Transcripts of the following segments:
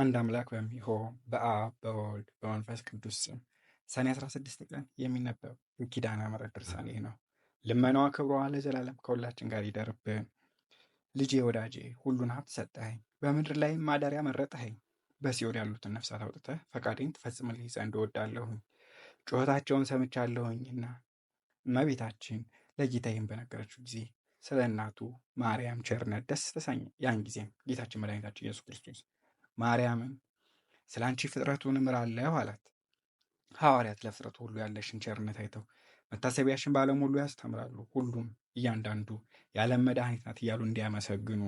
አንድ አምላክ በሚሆን በአብ በወልድ በመንፈስ ቅዱስ ስም ሰኔ 16 ቀን የሚነበብ የኪዳነ ምሕረት ድርሳን ይህ ነው። ልመናዋ ክብሯ ለዘላለም ከሁላችን ጋር ይደርብን። ልጄ ወዳጄ ሁሉን ሀብት ሰጠኸኝ፣ በምድር ላይ ማደሪያ መረጠኸኝ። በሲኦል ያሉትን ነፍሳት አውጥተህ ፈቃዴን ትፈጽምልኝ ዘንድ እወዳለሁኝ። ጩኸታቸውን ሰምቻለሁኝና እመቤታችን ለጌታዬም በነገረችው ጊዜ ስለ እናቱ ማርያም ቸርነት ደስ ተሰኘ። ያን ጊዜም ጌታችን መድኃኒታችን ኢየሱስ ክርስቶስ ማርያምም ስለ አንቺ ፍጥረቱን እምራለሁ አላት። ሐዋርያት ለፍጥረቱ ሁሉ ያለሽን ቸርነት አይተው መታሰቢያሽን በዓለም ሁሉ ያስተምራሉ፣ ሁሉም እያንዳንዱ የዓለም መድኃኒት ናት እያሉ እንዲያመሰግኑ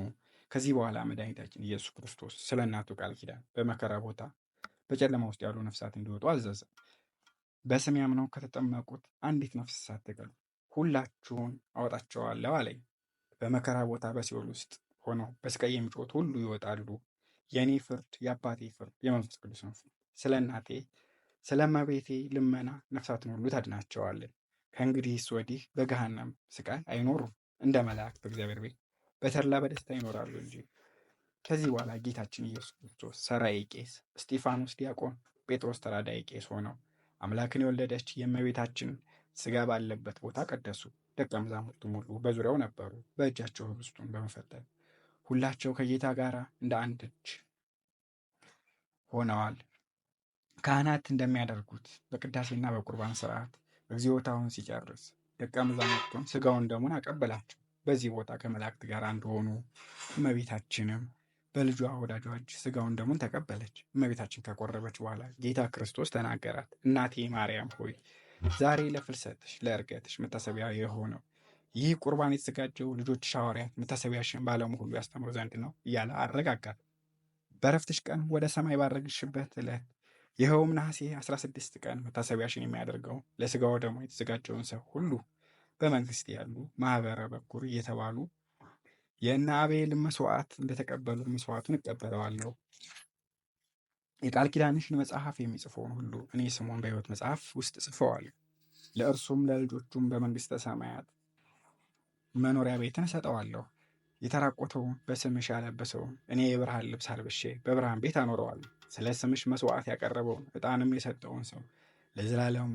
ከዚህ በኋላ መድኃኒታችን ኢየሱስ ክርስቶስ ስለ እናቱ ቃል ኪዳን በመከራ ቦታ በጨለማ ውስጥ ያሉ ነፍሳት እንዲወጡ አዘዘ። በስሜ አምነው ከተጠመቁት አንዲት ነፍስ ሳትገሉ ሁላችሁን አወጣቸዋለሁ አለኝ። በመከራ ቦታ በሲኦል ውስጥ ሆነው በስቃይ የሚጮት ሁሉ ይወጣሉ የእኔ ፍርድ የአባቴ ፍርድ የመንፈስ ቅዱስ ነው። ስለ እናቴ ስለ እመቤቴ ልመና ነፍሳትን ሁሉ ታድናቸዋለን። ከእንግዲህስ ወዲህ በገሃነም ስቃይ አይኖሩም፣ እንደ መላእክት በእግዚአብሔር ቤት በተድላ በደስታ ይኖራሉ እንጂ። ከዚህ በኋላ ጌታችን ኢየሱስ ክርስቶስ ሰራይ ቄስ፣ እስጢፋኖስ ዲያቆን፣ ጴጥሮስ ተራዳይ ቄስ ሆነው አምላክን የወለደች የእመቤታችን ስጋ ባለበት ቦታ ቀደሱ። ደቀ መዛሙርቱም ሁሉ በዙሪያው ነበሩ፣ በእጃቸው ህብስቱን በመፈጠር ሁላቸው ከጌታ ጋር እንደ አንድ እጅ ሆነዋል። ካህናት እንደሚያደርጉት በቅዳሴና በቁርባን ስርዓት እግዚኦታውን ሲጨርስ ደቀ መዛሙርቱን ስጋውን ደሙን አቀበላቸው። በዚህ ቦታ ከመላእክት ጋር አንድ ሆኑ። እመቤታችንም በልጇ ወዳጇ እጅ ስጋውን ደሙን ተቀበለች። እመቤታችን ከቆረበች በኋላ ጌታ ክርስቶስ ተናገራት። እናቴ ማርያም ሆይ ዛሬ ለፍልሰትሽ ለእርገትሽ መታሰቢያ የሆነው ይህ ቁርባን የተዘጋጀው ልጆች ሐዋርያት መታሰቢያሽን በዓለሙ ሁሉ ያስተምሩ ዘንድ ነው እያለ አረጋጋት። በረፍትሽ ቀን ወደ ሰማይ ባረግሽበት ዕለት ይኸውም ነሐሴ 16 ቀን መታሰቢያሽን የሚያደርገው ለስጋው ደግሞ የተዘጋጀውን ሰው ሁሉ በመንግስት ያሉ ማህበረ በኩር እየተባሉ የእነ አቤልን መሥዋዕት እንደተቀበሉ መስዋዕቱን እቀበለዋለሁ። የቃል ኪዳንሽን መጽሐፍ የሚጽፈውን ሁሉ እኔ ስሙን በሕይወት መጽሐፍ ውስጥ ጽፈዋል። ለእርሱም ለልጆቹም በመንግስተ ሰማያት መኖሪያ ቤትን እሰጠዋለሁ። የተራቆተው በስምሽ ያለበሰው እኔ የብርሃን ልብስ አልብሼ በብርሃን ቤት አኖረዋለሁ። ስለ ስምሽ መስዋዕት ያቀረበውን ዕጣንም የሰጠውን ሰው ለዘላለሙ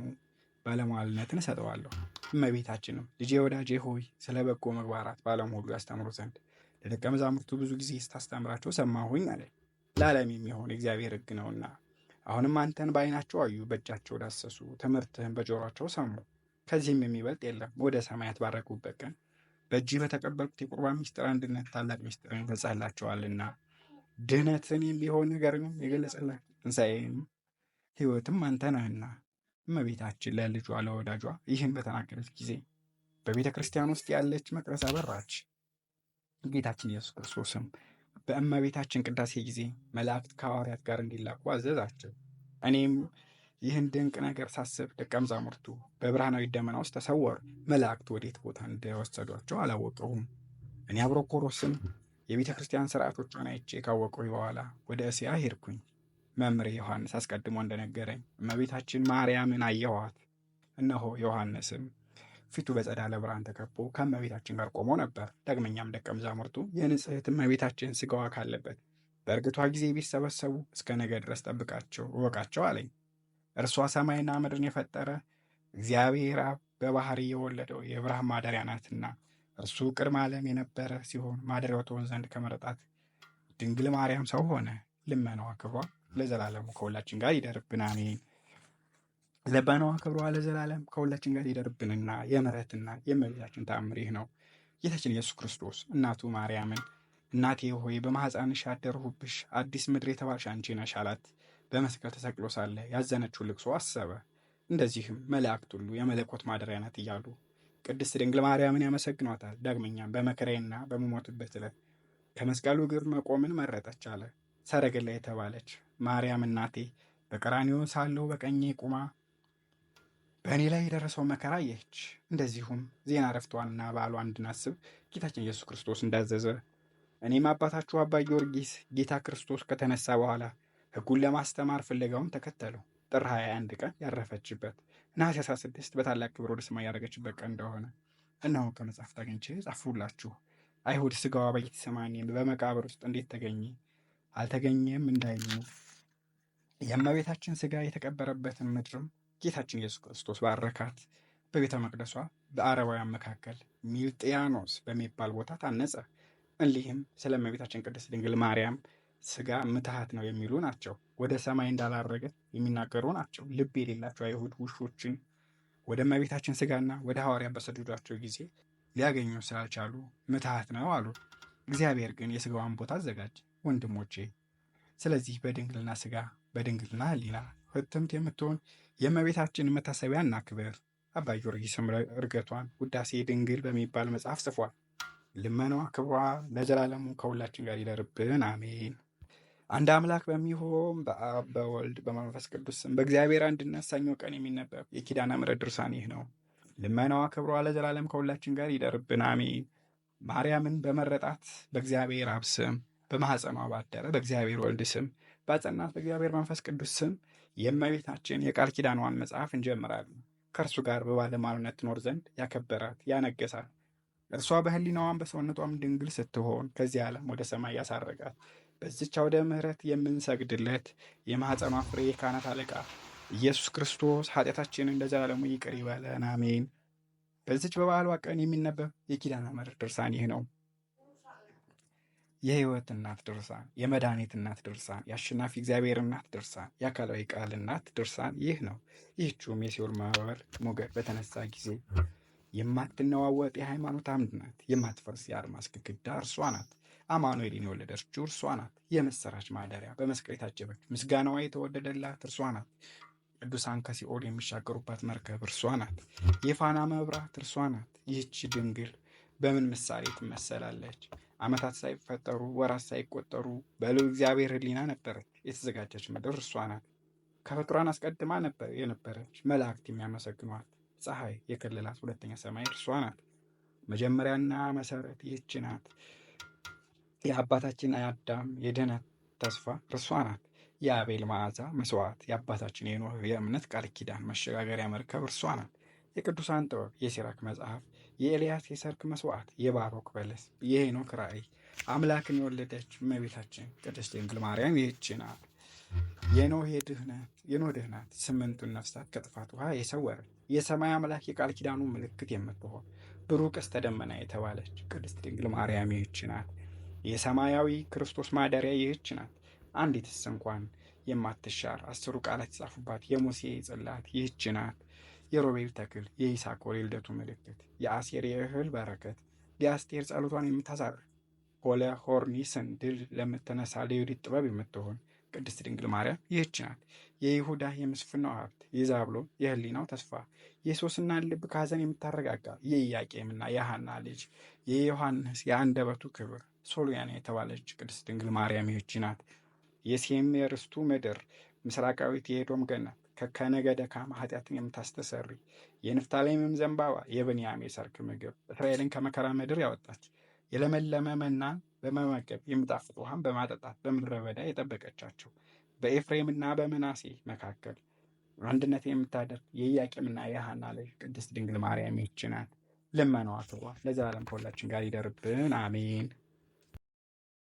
ባለሟልነትን እሰጠዋለሁ። እመቤታችንም ልጄ ወዳጄ ሆይ ስለ በጎ ምግባራት በዓለም ሁሉ ያስተምሩ ዘንድ ለደቀ መዛሙርቱ ብዙ ጊዜ ስታስተምራቸው ሰማሁኝ አለ። ለዓለም የሚሆን እግዚአብሔር ሕግ ነውና። አሁንም አንተን በዓይናቸው አዩ፣ በእጃቸው ዳሰሱ፣ ትምህርትህን በጆሯቸው ሰሙ። ከዚህም የሚበልጥ የለም። ወደ ሰማያት ባረጉበት ቀን በእጅ በተቀበልኩት የቁርባን ምስጢር አንድነት ታላቅ ምስጢር ይገልጻላቸዋልና ድህነትን የሚሆን ነገርንም የገለጸላቸው ትንሣኤም ሕይወትም አንተ ነህና እመቤታችን ለልጇ ለወዳጇ ይህን በተናገረች ጊዜ በቤተ ክርስቲያን ውስጥ ያለች መቅረስ አበራች። ጌታችን ኢየሱስ ክርስቶስም በእመቤታችን ቅዳሴ ጊዜ መላእክት ከሐዋርያት ጋር እንዲላኩ አዘዛቸው። እኔም ይህን ድንቅ ነገር ሳስብ ደቀ መዛሙርቱ በብርሃናዊ ደመና ውስጥ ተሰወሩ። መላእክት ወዴት ቦታ እንደወሰዷቸው አላወቀሁም። እኔ አብሮኮሮስም የቤተ ክርስቲያን ስርዓቶቿን አይቼ ካወቁ በኋላ ወደ እስያ ሄድኩኝ። መምሬ ዮሐንስ አስቀድሞ እንደነገረኝ እመቤታችን ማርያምን አየኋት። እነሆ ዮሐንስም ፊቱ በጸዳለ ብርሃን ተከቦ ከእመቤታችን ጋር ቆሞ ነበር። ዳግመኛም ደቀ መዛሙርቱ የንጽሕት እመቤታችን ስጋዋ ካለበት በእርግቷ ጊዜ ቢሰበሰቡ እስከ ነገ ድረስ ጠብቃቸው እወቃቸው አለኝ። እርሷ ሰማይና ምድርን የፈጠረ እግዚአብሔር አብ በባህሪ የወለደው የብርሃን ማደሪያ ናትና እርሱ ቅድመ ዓለም የነበረ ሲሆን ማደሪያው ትሆን ዘንድ ከመረጣት ድንግል ማርያም ሰው ሆነ። ልመናዋ ክብሯ ለዘላለሙ ከሁላችን ጋር ይደርብን፣ አሜን። ልመናዋ ክብሯ ለዘላለም ከሁላችን ጋር ይደርብንና የምሕረትና የእመቤታችን ተአምር ይህ ነው። ጌታችን ኢየሱስ ክርስቶስ እናቱ ማርያምን እናቴ ሆይ በማኅፀንሽ አደርሁብሽ አዲስ ምድር የተባልሽ አንቺ ነሽ አላት። በመስቀል ተሰቅሎ ሳለ ያዘነችው ልቅሶ አሰበ። እንደዚህም መላእክት ሁሉ የመለኮት ማደሪያ ናት እያሉ ቅድስት ድንግል ማርያምን ያመሰግኗታል። ዳግመኛም በመከራዬና በመሞትበት ዕለት ከመስቀሉ እግር መቆምን መረጠች አለ። ሰረገላ የተባለች ማርያም እናቴ በቀራንዮ ሳለው በቀኜ ቁማ በእኔ ላይ የደረሰው መከራ የች እንደዚሁም ዜና ረፍቷንና በዓሏን እንድናስብ ጌታችን ኢየሱስ ክርስቶስ እንዳዘዘ እኔም አባታችሁ አባ ጊዮርጊስ ጌታ ክርስቶስ ከተነሳ በኋላ ህጉን ለማስተማር ፍለጋውን ተከተሉ። ጥር 21 ቀን ያረፈችበት ነሐሴ 16 በታላቅ ክብር ወደ ሰማይ ያደረገችበት ቀን እንደሆነ እነሆ ከመጽሐፍ አግኝቼ ጻፍሁላችሁ። አይሁድ ስጋዋ በጌቴሴማኒ በመቃብር ውስጥ እንዴት ተገኘ አልተገኘም እንዳይሉ የእመቤታችን ስጋ የተቀበረበትን ምድርም ጌታችን ኢየሱስ ክርስቶስ ባረካት። በቤተ መቅደሷ በአረባውያን መካከል ሚልጥያኖስ በሚባል ቦታ ታነጸ። እንዲህም ስለ እመቤታችን ቅድስት ድንግል ማርያም ስጋ ምትሃት ነው የሚሉ ናቸው። ወደ ሰማይ እንዳላረገ የሚናገሩ ናቸው። ልብ የሌላቸው አይሁድ ውሾችን ወደ እመቤታችን ስጋና ወደ ሐዋርያ በሰደዷቸው ጊዜ ሊያገኙ ስላልቻሉ ምትሃት ነው አሉ። እግዚአብሔር ግን የስጋዋን ቦታ አዘጋጅ ወንድሞቼ ስለዚህ በድንግልና ስጋ በድንግልና ሕሊና ህትምት የምትሆን የእመቤታችን መታሰቢያ ክብር አባ ጊዮርጊስም እርገቷን ውዳሴ ድንግል በሚባል መጽሐፍ ጽፏል። ልመናዋ ክብሯ ለዘላለሙ ከሁላችን ጋር ይደርብን፣ አሜን። አንድ አምላክ በሚሆን በአብ በወልድ በመንፈስ ቅዱስ ስም በእግዚአብሔር አንድነት ሰኞ ቀን የሚነበብ የኪዳነ ምሕረት ድርሳን ይህ ነው። ልመናዋ ክብሯ ለዘላለም ከሁላችን ጋር ይደርብን፣ አሜን። ማርያምን በመረጣት በእግዚአብሔር አብ ስም በማኅፀኗ ባደረ በእግዚአብሔር ወልድ ስም በጸናት በእግዚአብሔር መንፈስ ቅዱስ ስም የእመቤታችን የቃል ኪዳንዋን መጽሐፍ እንጀምራለን። ከእርሱ ጋር በባለሟልነት ትኖር ዘንድ ያከበራት ያነገሳት እርሷ በህሊናዋም በሰውነቷም ድንግል ስትሆን ከዚህ ዓለም ወደ ሰማይ ያሳረጋት በዚች አውደ ምሕረት የምንሰግድለት የማኅፀኗ ፍሬ የካህናት አለቃ ኢየሱስ ክርስቶስ ኃጢአታችንን ለዘላለሙ ይቅር ይበለን፣ አሜን። በዚች በበዓሏ ቀን የሚነበብ የኪዳነ ምሕረት ድርሳን ይህ ነው። የሕይወት እናት ድርሳን፣ የመድኃኒት እናት ድርሳን፣ የአሸናፊ እግዚአብሔር እናት ድርሳን፣ የአካላዊ ቃል እናት ድርሳን ይህ ነው። ይህችውም የሲኦል ማዕበል ሞገድ በተነሳ ጊዜ የማትነዋወጥ የሃይማኖት አምድ ናት። የማትፈርስ የአድማስ ግድግዳ እርሷ ናት። አማኑኤልን የወለደችው እርሷ ናት። የምስራች ማደሪያ በመስቀል የታጀበች ምስጋናዋ የተወደደላት እርሷ ናት። ቅዱሳን ከሲኦል የሚሻገሩባት መርከብ እርሷ ናት። የፋና መብራት እርሷ ናት። ይህች ድንግል በምን ምሳሌ ትመሰላለች? ዓመታት ሳይፈጠሩ ወራት ሳይቆጠሩ በልዑል እግዚአብሔር ሕሊና ነበረች የተዘጋጀች ምድር እርሷ ናት። ከፍጥሯን አስቀድማ ነበር የነበረች መላእክት የሚያመሰግኗት ፀሐይ የክልላት ሁለተኛ ሰማይ እርሷ ናት። መጀመሪያና መሰረት ይህች ናት። የአባታችን አዳም የድህነት ተስፋ እርሷ ናት። የአቤል መዓዛ መስዋዕት፣ የአባታችን የኖህ የእምነት ቃል ኪዳን መሸጋገሪያ መርከብ እርሷ ናት። የቅዱሳን ጥበብ፣ የሲራክ መጽሐፍ፣ የኤልያስ የሰርክ መስዋዕት፣ የባሮክ በለስ፣ የሄኖክ ራእይ፣ አምላክን የወለደች እመቤታችን ቅድስት ድንግል ማርያም ይህች ናት። የኖህ የድኅነት የኖህ ስምንቱን ነፍሳት ከጥፋት ውሃ የሰወረ የሰማይ አምላክ የቃል ኪዳኑ ምልክት የምትሆን ብሩህ ቀስተ ደመና የተባለች ቅድስት ድንግል ማርያም ይህች ናት። የሰማያዊ ክርስቶስ ማደሪያ ይህች ናት። አንዲትስ እንኳን የማትሻር አስሩ ቃላት የጻፉባት የሙሴ ጽላት ይህች ናት። የሮቤል ተክል፣ የይሳኮር የልደቱ ምልክት፣ የአሴር የእህል በረከት፣ የአስቴር ጸሎቷን የምታሳር ሆለ ሆርኒስን ድል ለምትነሳ ለዩዲት ጥበብ የምትሆን ቅድስት ድንግል ማርያም ይህች ናት። የይሁዳ የምስፍናው ሀብት፣ የዛብሎን የህሊናው ተስፋ፣ የሶስና ልብ ከሀዘን የምታረጋጋ የኢያቄምና የሐና ልጅ የዮሐንስ የአንደበቱ ክብር ሶልያና የተባለች ቅድስት ድንግል ማርያም ይህች ናት። የሴም የርስቱ ምድር ምስራቃዊት የሄዶም ገነት ከነገደ ካማ ኃጢአትን የምታስተሰሪ የንፍታሌምም ዘንባባ የብንያም የሰርክ ምግብ እስራኤልን ከመከራ ምድር ያወጣች የለመለመ መናን በመመገብ የሚጣፍጥ ውሃን በማጠጣት በምድረ በዳ የጠበቀቻቸው በኤፍሬምና በምናሴ መካከል አንድነት የምታደርግ የኢያቄምና የሐና ልጅ ቅድስት ድንግል ማርያም ይህች ናት። ልመናዋ ትዋ ለዘላለም ከሁላችን ጋር ይደርብን፣ አሜን።